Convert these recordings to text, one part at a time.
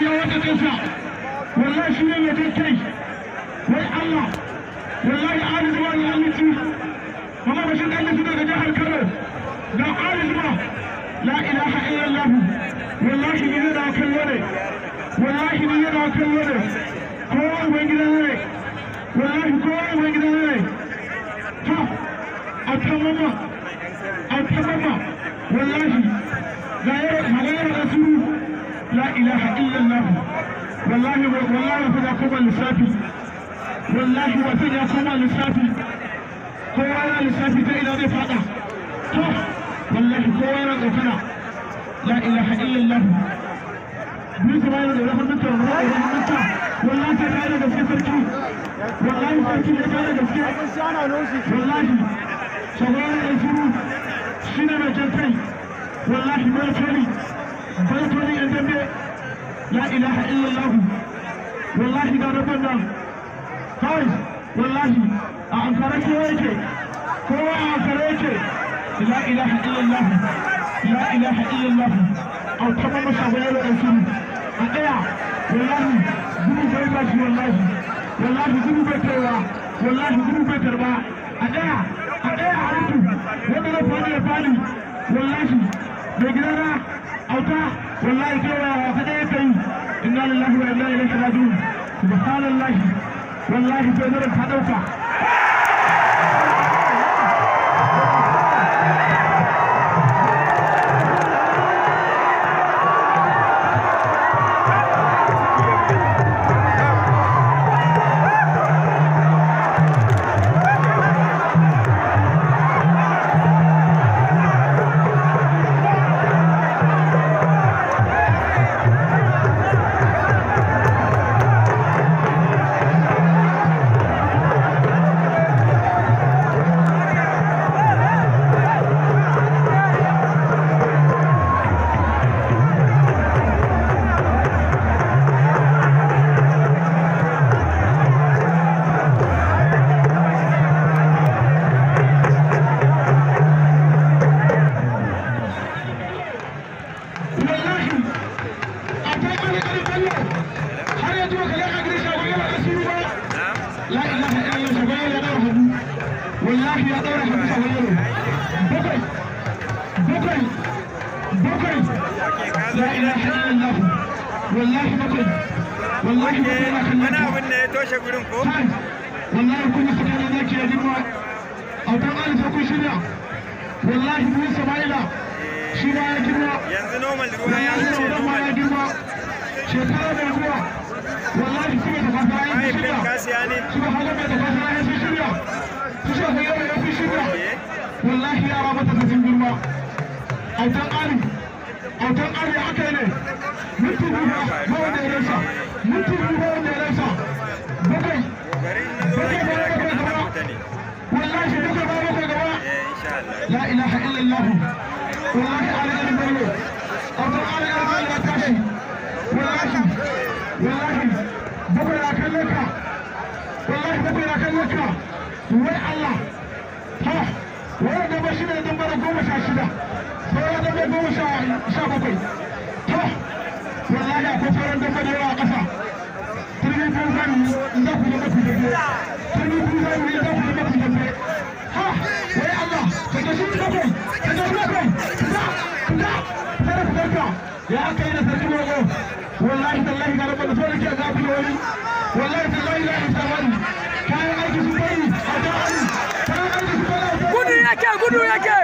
ya wata tafiya wallahi shi ne a tamama a la ilaha illallah wallahi wallahi da kuma lissafi wallahi wa da kuma lissafi kowa yana lissafi ta ina zai fada to wallahi kowa yana tsokana la ilaha illallah biyu kuma yana da rafin mutum ruwa da mutum wallahi kare da sai wallahi sarki ya kare kai wallahi la ilaha illallah wallahi ga rabban nan kai wallahi a ankara ke yake kowa a ankara yake la ilaha illallah la ilaha illallah a kuma masa wani da a daya wallahi gudu bai ba shi wallahi wallahi gudu bai kaiwa wallahi gudu bai karba a daya a daya wanda na ya bai gidana auta والله كلنا وحديثين إنا لله وإنا إليه راجعون سبحان الله والله بنور الحدوقة لا إله إلا الله والله على البلو الله على الأمان وتاشي والله والله بقول لك لك والله بقول لك لك وي الله ها وين ده ماشينا ده مرة قوم شاشدة سورة ده قوم شا شابكوي ها والله يا كفر ده مرة قصة تريد تنزل نزل نزل تريد تنزل ya aka da wallahi wallahi gudu yake yake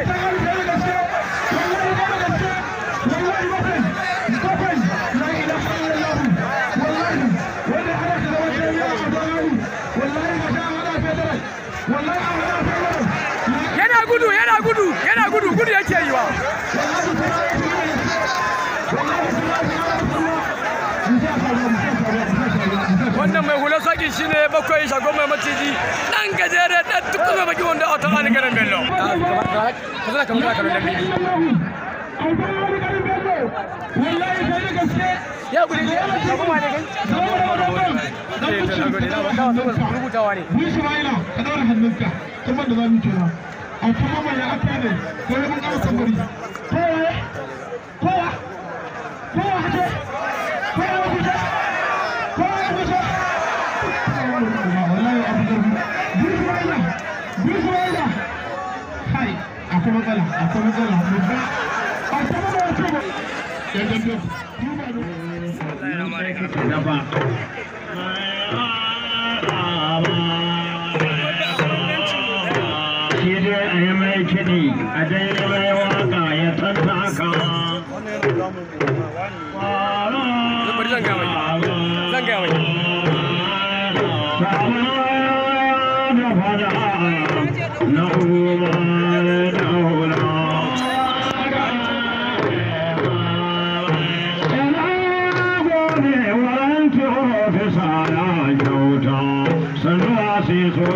yana gudu yana gudu yana gudu gudu yake yi wa Alhaji shine bakwai shagon mai maciji dan gajere dan tukun mai baki wanda autan Ali Garan Bello. Ya gudu ne ya kuma ne kan ne. kuma da kira. A kuma mai aka ne ko mun kawo akwai matsala akwai matsala babba a sama da wace ba ya dandu duba da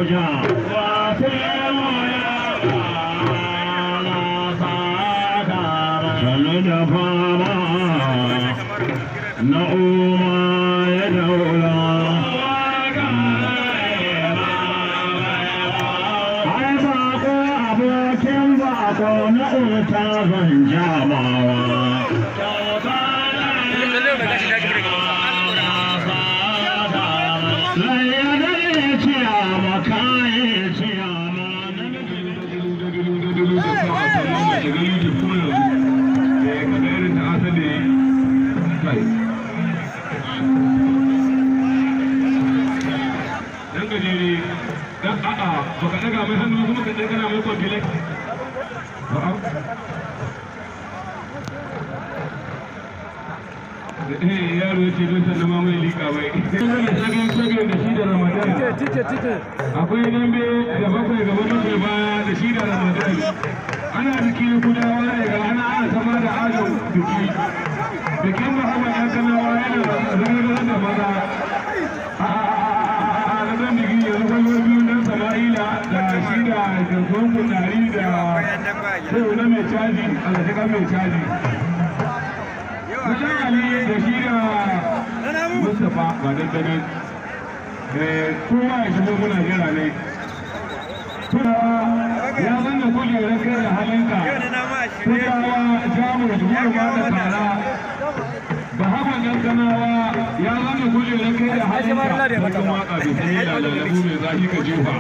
Joe John. yaro ya da shi da dambe da bakwai gaba bakwai da ana biki kudawa ne ana ana sama da ajo biki bikin yana zagarar da maza a sama'ila da shi da jirgin da sau mai caji a mai caji fa ga dandanan eh, kowa ya shigo muna jira ne ya zanna kujerar kai da halinka turawa jamus gurma da tara ba haka ganganawa ya zanna kujerar kai da halinka wajen waka da kuma yi lalabu mai zafi ka jefa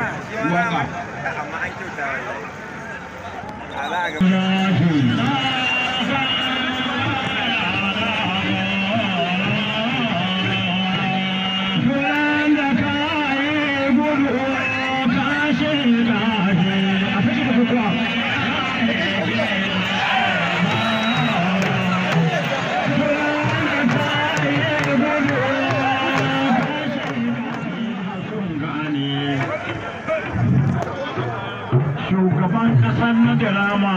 sannu dirama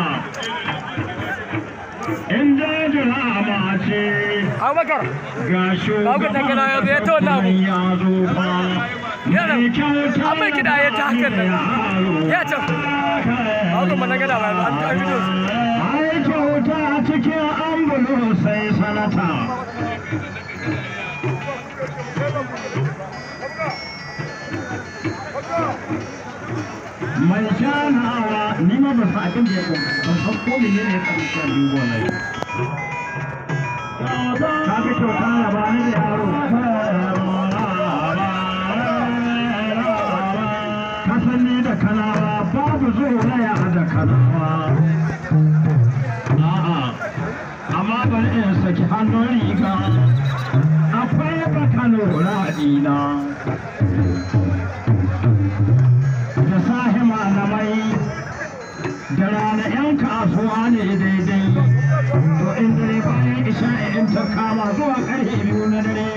in ja dirama ce ga shugaban ya zo fa ta ya ba ta a sanata mai shanawa ni ma ba san abin da ya kuma ban san ko ne ne ya kuma sha biyu wallahi ka ga kyauta na ba ni da yaro ka san ni da kanawa babu zuwa na ya da kanawa a'a amma bari in saki hannun riga akwai bakano ra'adina daidai da 'yan kasuwa ne daidai to in dare bayan isha'i in ta kama zuwa karfe biyu na dare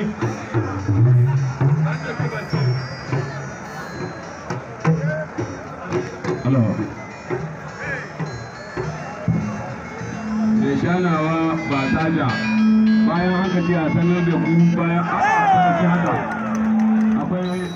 shanawa ba saja bayan haka ce a sanar da ku bayan a haka akwai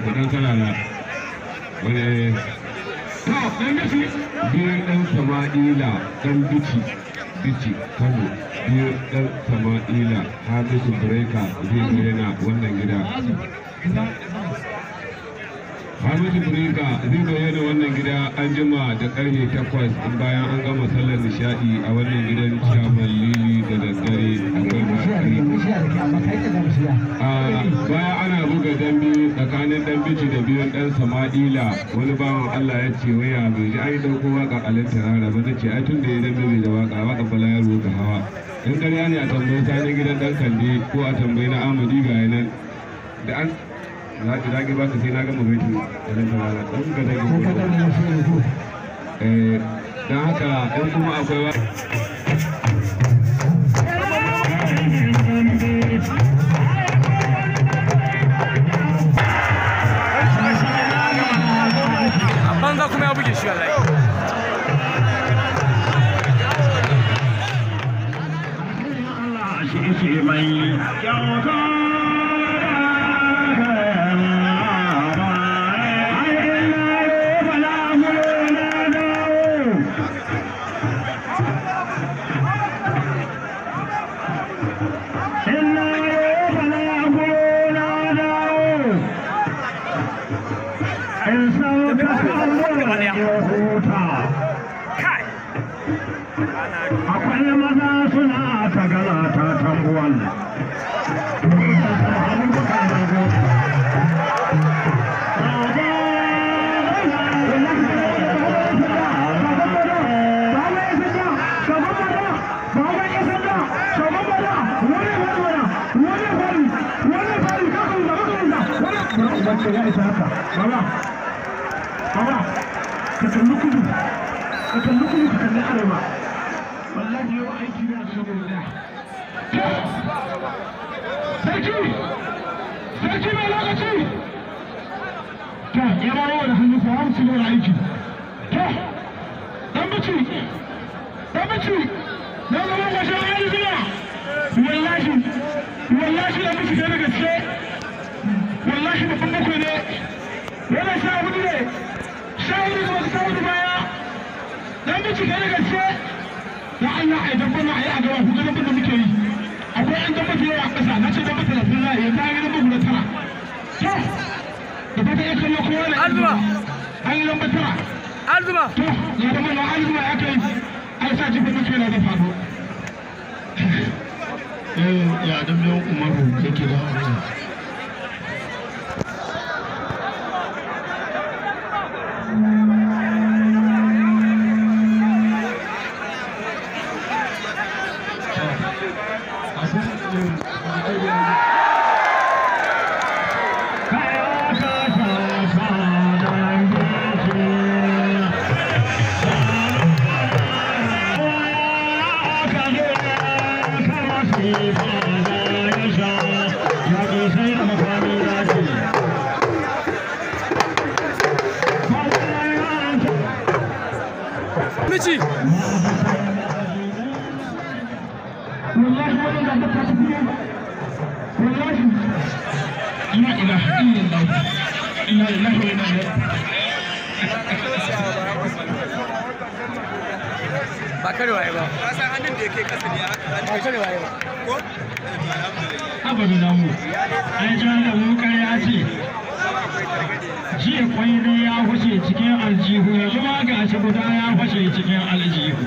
gwadan kalala wani biyu ɗan sama'ila ɗan bichi kano biyu ɗan sama'ila hamisu breka zai yana wannan gida Hamidu Breka zai bayyana wannan gida an jima da karfe takwas bayan an gama sallar nishadi a wannan gidan Chaban Lili da daddare akwai bakari. Bayan ana buga dambe tsakanin dambici da biyun dan Samadila wani bawan Allah ya ce waya bai ji ai dauko waka tarara ba zai ce ai tun da ya dambe bai da waka waka bala ya roka hawa. In ƙarya ne a tambayi sanin gidan dan Kande ko a tambayi na Amadi ga nan da an na ji ba su sai na gama gaji da nan tarana don ga dage eh, don haka ɗan kuma akwai wa wallahi da muke da gaske wallahi babban bakwai ne wannan sha hudu ne sha hudu kuma sha hudu baya dan muke da gaske da Allah ai dan bana ai a gaba ku ga da muke yi akwai an dan muke a kasa na ce dan muke da sunna ya ta ga tara to da fata ya kallo kowa ne an yi lamba tara azuma to ya da mana azuma ya kai ai sa jibin muke na da fado Eh, ya dan umaru yake da abuja لا إله ba ba san hannun da yake kasa ne haka ba karewa ba ko abadu na mu ai jan da mu kai ya ce jiya kwai ya fashe cikin aljihu ya ma ga shi guda ya fashe cikin aljihu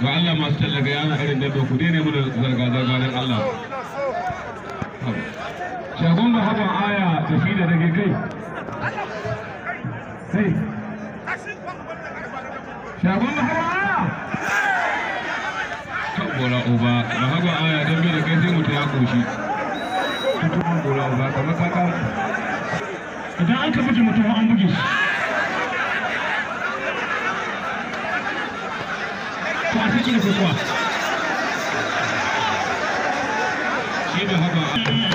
ga Allah masu tallaga yana irin dabba ku dai daina mu zarga-zarga don Allah shagon ba haɓar aya tafi da rage kai kai shagon haɓar aya kan gora uba ba haɓar aya don bai da kai sai mutu ya ƙoshi mutum uba kamar kaka idan an ka buge mutum an buge shi Afrique ne fait quoi J'ai le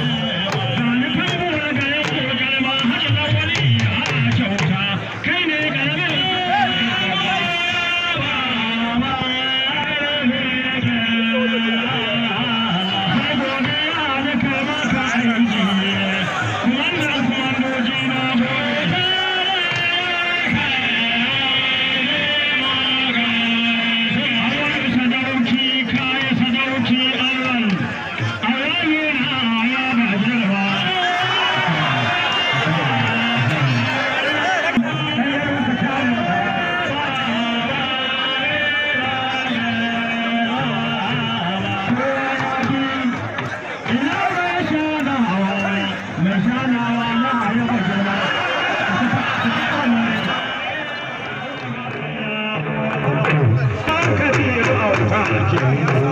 哎呀！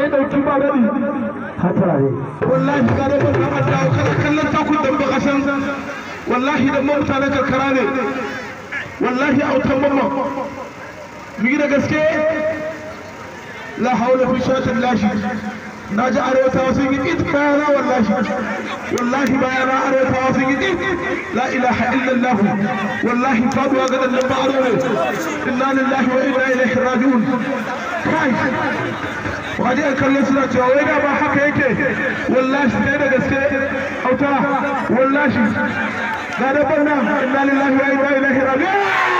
da ya dauki ba gani hatare wallahi ga da ban kamar dawo kana kallon takun da ba kasan wallahi da mamuta na karkara ne wallahi autan mamman mu yi da gaske la haula fi shatin lashi na ji arewatawa sun yi ƙit bayana wallahi wallahi bayana arewatawa sun yi ƙit la ilaha illallah wallahi faduwa ga dan ba aro ne inna lillahi wa inna ilaihi raji'un kai wani a kallon suna cewa wai da ba haka yake wallashi sai da gaske hauta wallashi ga dabban nan inna lillahi wa inna ilaihi raji'un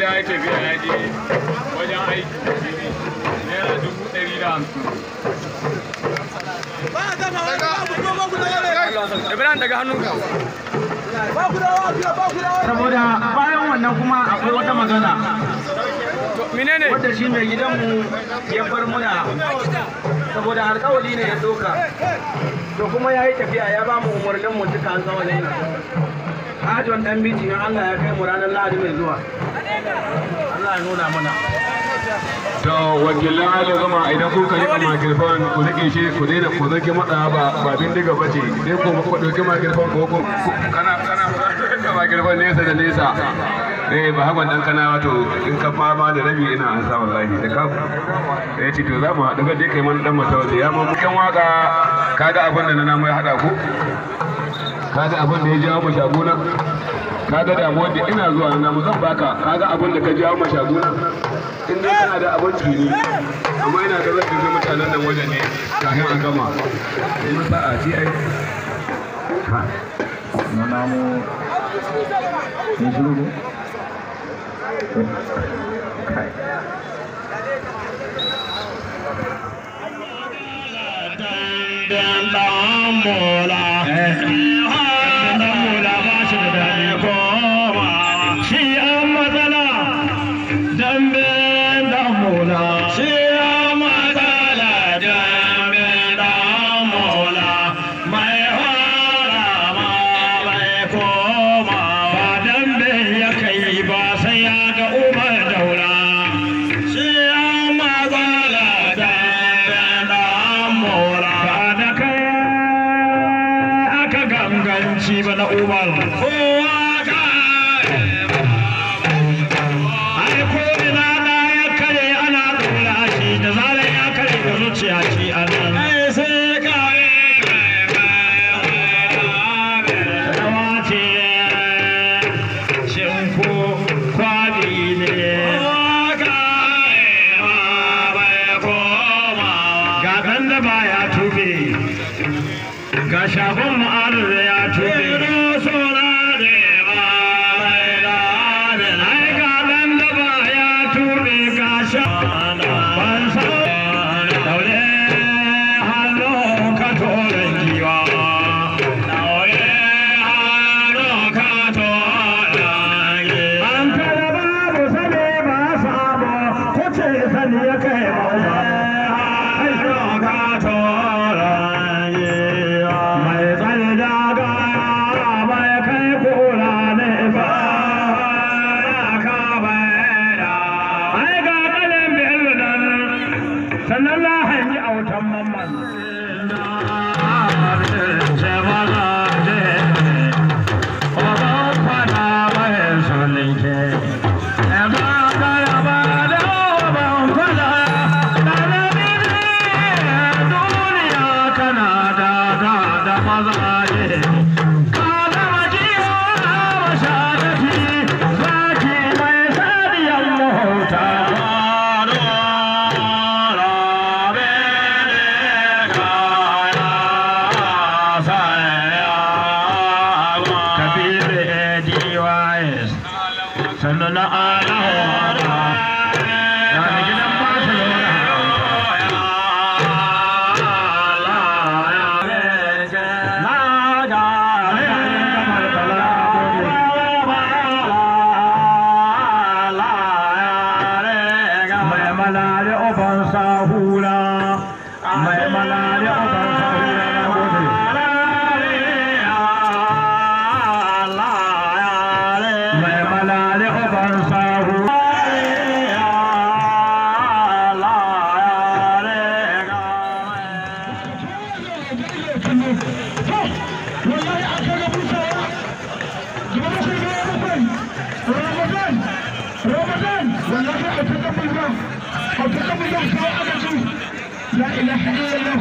gida ya tafiya ya je wajen aiki naira dubu ɗari da hamsin Ibrahim daga hannunka. Saboda bayan wannan kuma akwai wata magana. Menene? Wadda shi mai gidanmu ya bar muna saboda alkawali ne ya doka. To kuma ya yi tafiya ya ba mu umarnin mu duka an zama Hajon dan biji na Allah ya kai mu ranar Lahadi mai zuwa. Allah ya nuna mana. To wakilan ala zama idan kuka rika makirfan ku rike shi ku daina ku zage mada ba ba bindiga bace dai ko ku dauki makirfan ko ku kana kana ka ne nesa da nesa. Eh ba hakan dan kana wato in ka fama da rabi ina an sa wallahi da ka eh ci to za mu haɗu ga dai kai man dan masaudi ya mu kan waka kaga abin da na mai hada ku kaga abin da ya jawo mu shaguna kaga mu da ina zuwa na mu zan baka kaga abin da ka jawo mu shaguna in dai kana da abin tuni amma ina ga zan tafi mutanen nan wajen ne kafin an gama mun sa'a ci ai na namu ne shiru ne Hãy subscribe 소원 아, لا اله الا الله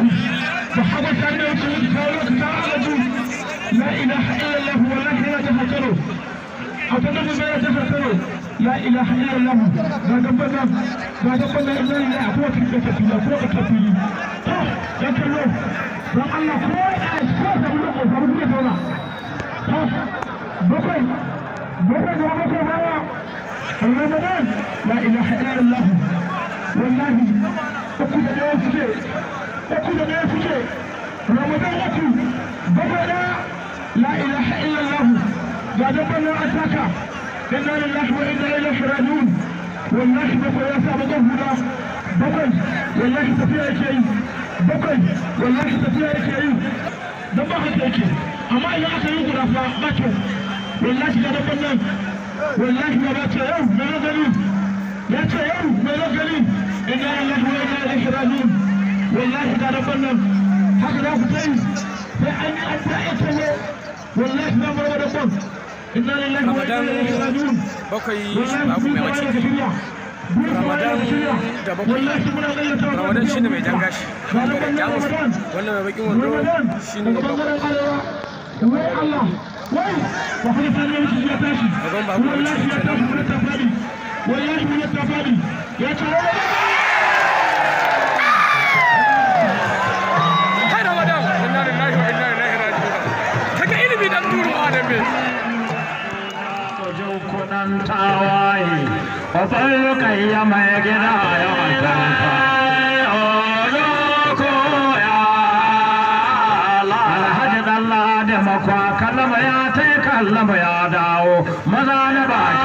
محمد عليه وسلم فاروق تعالجوا لا اله الا الله ولكن لا تفكروا اتدروا بلا تفكروا لا اله الا الله لا دبنا لا دبنا الا لله فوق الكتاب فوق الكتاب يا كلام don Allah ko a ko da wani kokarin kuma zauna bakwai bakwai da bakwai bawa Ramadan la ilaha illallah wallahi uku da ɗaya suke uku da ɗaya suke Ramadan uku bakwai da la ilaha illallah ga dabban nan ataka inna lillahi wa inna ilaihi raji'un wallahi bakwai ya samu kan huda bakwai wallahi tafiya yake yi bakwai wallahi tafiya yake yi don ba haka yake amma idan aka yi guda fa ba kyau wallahi ga dabban nan wallahi ga ba yau mai gani ya ce yau mai gani inna lillahi wa inna ilaihi raji'un wallahi ga dabban nan haka za ku ta yi sai an yi an ta'a tsaye wallahi na mara da kwan inna lillahi wa inna ilaihi raji'un bakwai abu mai mace ramadan da bakwai ramadan shi ne mai jan gashi wannan mai bakin wando shi ne bakwai Gaban ba ta ilimi dan duru Adam ne. tawaye. Ofallo ya mai gida ya makaranta. Alhaji Dalla da makwa ya ya dawo maza na baki.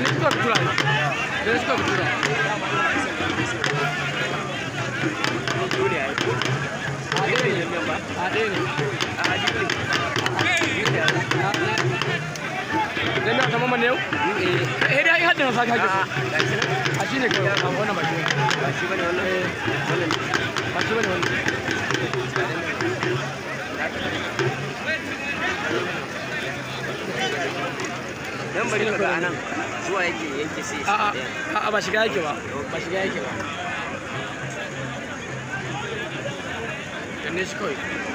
Teleskop tutaj. Teleskop tutaj. Ada ni, ada dan bari ka ga anan zuwa yake yake sai a a ba shiga yake ba ba shiga yake ba dan ne shi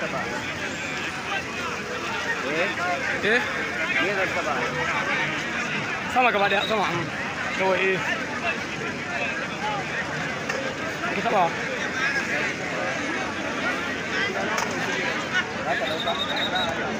Mustafa. Eh? Eh? Ni Mustafa. Sama ke badak sama. Oh, eh. Kita apa? Kita apa?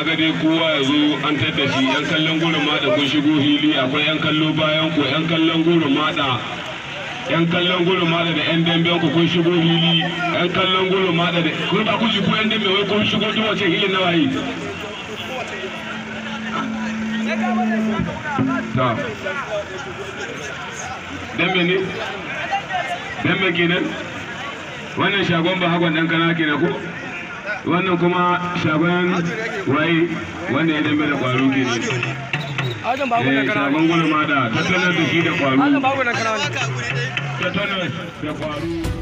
kaga dai kowa ya zo an tadda shi yan kallon gurin mada kun shigo hili akwai yan kallo bayan ku yan kallon gurin mada yan kallon gurin mada da yan dambe ku kun shigo hili yan kallon gurin mada da kun ba ku ji ku yan dambe wai kun shigo duk wace hili na wayi ta dambe ne dambe kenan wannan shagon ba hagon dan kana kenan ko wannan kuma shaban wai wanda ya dambe da kwaro ke ne eh, shaban gulma da tattalin da shi da kwaro tattalin da kwaro